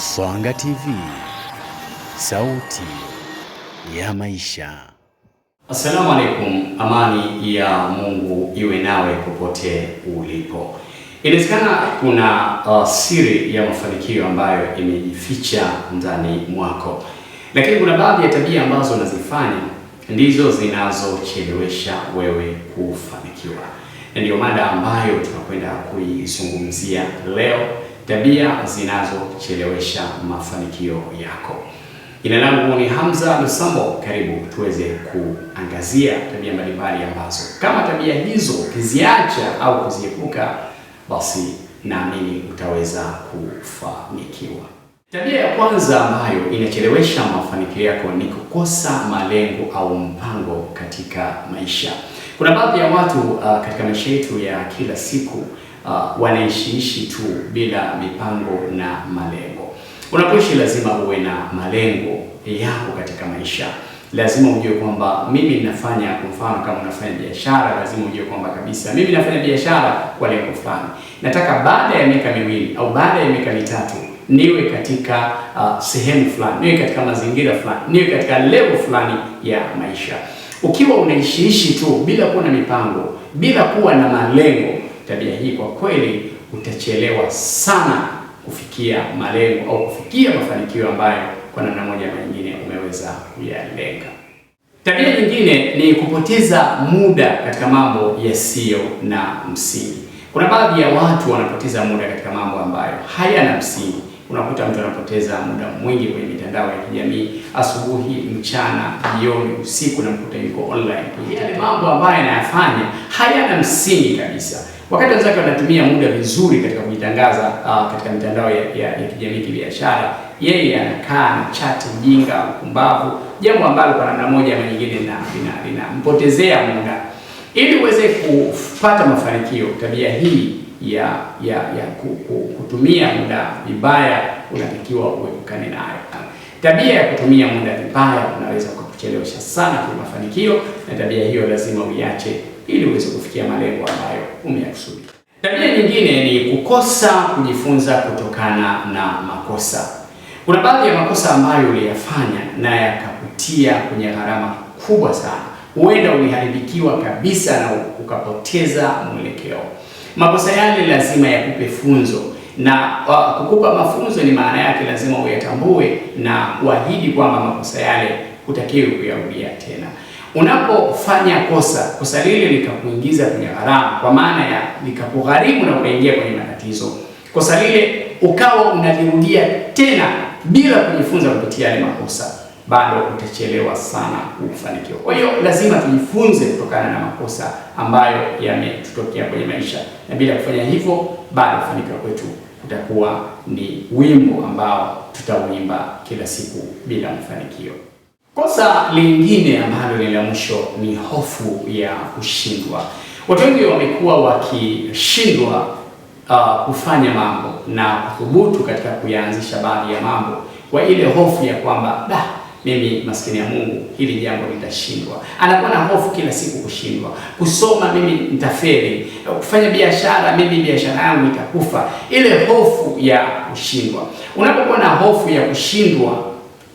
Swanga TV, sauti ya maisha. Assalamu alaikum, amani ya Mungu iwe nawe popote ulipo. Inawezekana kuna uh, siri ya mafanikio ambayo imejificha ndani mwako, lakini kuna baadhi ya tabia ambazo unazifanya ndizo zinazochelewesha wewe kufanikiwa, na ndiyo mada ambayo tunakwenda kuizungumzia leo tabia zinazochelewesha mafanikio yako. Jina langu ni Hamza Lusambo, karibu tuweze kuangazia tabia mbalimbali ambazo kama tabia hizo ukiziacha au kuziepuka, basi naamini utaweza kufanikiwa. Tabia ya kwanza ambayo inachelewesha mafanikio yako ni kukosa malengo au mpango katika maisha. Kuna baadhi ya watu uh, katika maisha yetu ya kila siku uh, wanaishiishi tu bila mipango na malengo. Unapoishi lazima uwe na malengo yako katika maisha. Lazima ujue kwamba mimi ninafanya, kwa mfano kama unafanya biashara, lazima ujue kwamba kabisa mimi nafanya biashara kwa lengo fulani. Nataka baada ya miaka miwili au baada ya miaka mitatu niwe katika uh, sehemu fulani, niwe katika mazingira fulani, niwe katika level fulani ya maisha. Ukiwa unaishiishi tu bila kuwa na mipango, bila kuwa na malengo tabia hii, kwa kweli utachelewa sana kufikia malengo au kufikia mafanikio ambayo kwa namna moja ama nyingine umeweza kuyalenga. Tabia nyingine ni kupoteza muda katika mambo yasiyo na msingi. Kuna baadhi ya watu wanapoteza muda katika mambo ambayo hayana msingi. Unakuta mtu anapoteza muda mwingi kwenye mitandao ya kijamii, asubuhi, mchana, jioni, usiku, na mkuta yuko online kwenye mambo ambayo anayafanya hayana msingi kabisa wakati wenzake wanatumia muda vizuri katika kujitangaza uh, katika mitandao ya, ya, ya kijamii kibiashara, yeye anakaa na chati mjinga, mpumbavu, jambo ambalo kwa namna moja ama nyingine linampotezea muda. Ili uweze kupata mafanikio, tabia hii ya ya ya kutumia muda vibaya unatakiwa uepukane nayo. Tabia ya kutumia muda vibaya unaweza ukakuchelewesha sana kwa mafanikio, na tabia hiyo lazima uiache ili uweze kufikia malengo ambayo umeyakusudia. Tabia nyingine ni kukosa kujifunza kutokana na makosa. Kuna baadhi ya makosa ambayo uliyafanya na yakakutia kwenye gharama kubwa sana, huenda uliharibikiwa kabisa na ukapoteza mwelekeo. Makosa yale lazima yakupe funzo na uh, kukupa mafunzo ni maana yake lazima uyatambue na uahidi kwamba makosa yale hutakiwi kuyarudia tena. Unapofanya kosa, kosa lile likakuingiza kwenye gharama, kwa maana ya likakugharimu na ukaingia kwenye matatizo, kosa lile ukawa unalirudia tena bila kujifunza kupitia yale makosa, bado utachelewa sana kufanikiwa. Kwa hiyo lazima tujifunze kutokana na makosa ambayo yametutokea kwenye maisha, na bila kufanya hivyo, bado kufanikiwa kwetu utakuwa ni wimbo ambao tutauimba kila siku bila mafanikio. Kosa lingine ambalo ni la mwisho ni hofu ya kushindwa. Watu wengi wamekuwa wakishindwa uh, kufanya mambo na kuthubutu katika kuyaanzisha baadhi ya mambo kwa ile hofu ya kwamba da, mimi maskini ya Mungu, hili jambo litashindwa. Anakuwa na hofu kila siku kushindwa. Kusoma mimi nitafeli, kufanya biashara mimi biashara yangu itakufa. Ile hofu ya kushindwa. Unapokuwa na hofu ya kushindwa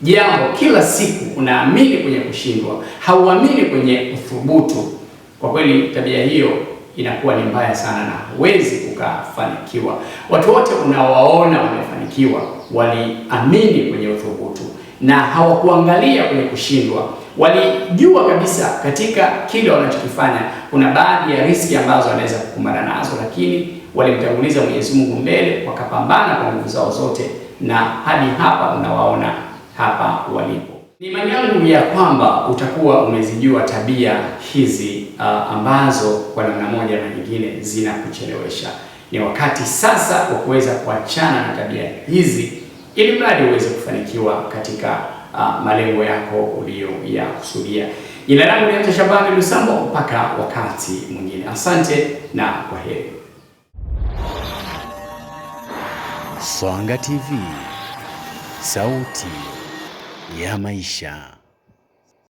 jambo kila siku, unaamini kwenye kushindwa, hauamini kwenye uthubutu, kwa kweli tabia hiyo inakuwa ni mbaya sana na huwezi ukafanikiwa. Watu wote unawaona wamefanikiwa waliamini kwenye uthubutu na hawakuangalia kwenye kushindwa. Walijua kabisa katika kile wanachokifanya kuna baadhi ya riski ambazo wanaweza kukumbana nazo, lakini walimtanguliza Mwenyezi Mungu mbele, wakapambana kwa nguvu zao zote, na hadi hapa unawaona hapa walipo. Ni imani yangu ya kwamba utakuwa umezijua tabia hizi uh, ambazo kwa namna moja na nyingine zinakuchelewesha. Ni wakati sasa wa kuweza kuachana na tabia hizi ili mradi uweze kufanikiwa katika uh, malengo yako uliyoyakusudia. Jina langu ni Shabani Lusambo, mpaka wakati mwingine, asante na kwaheri. Swanga TV. Sauti ya Maisha.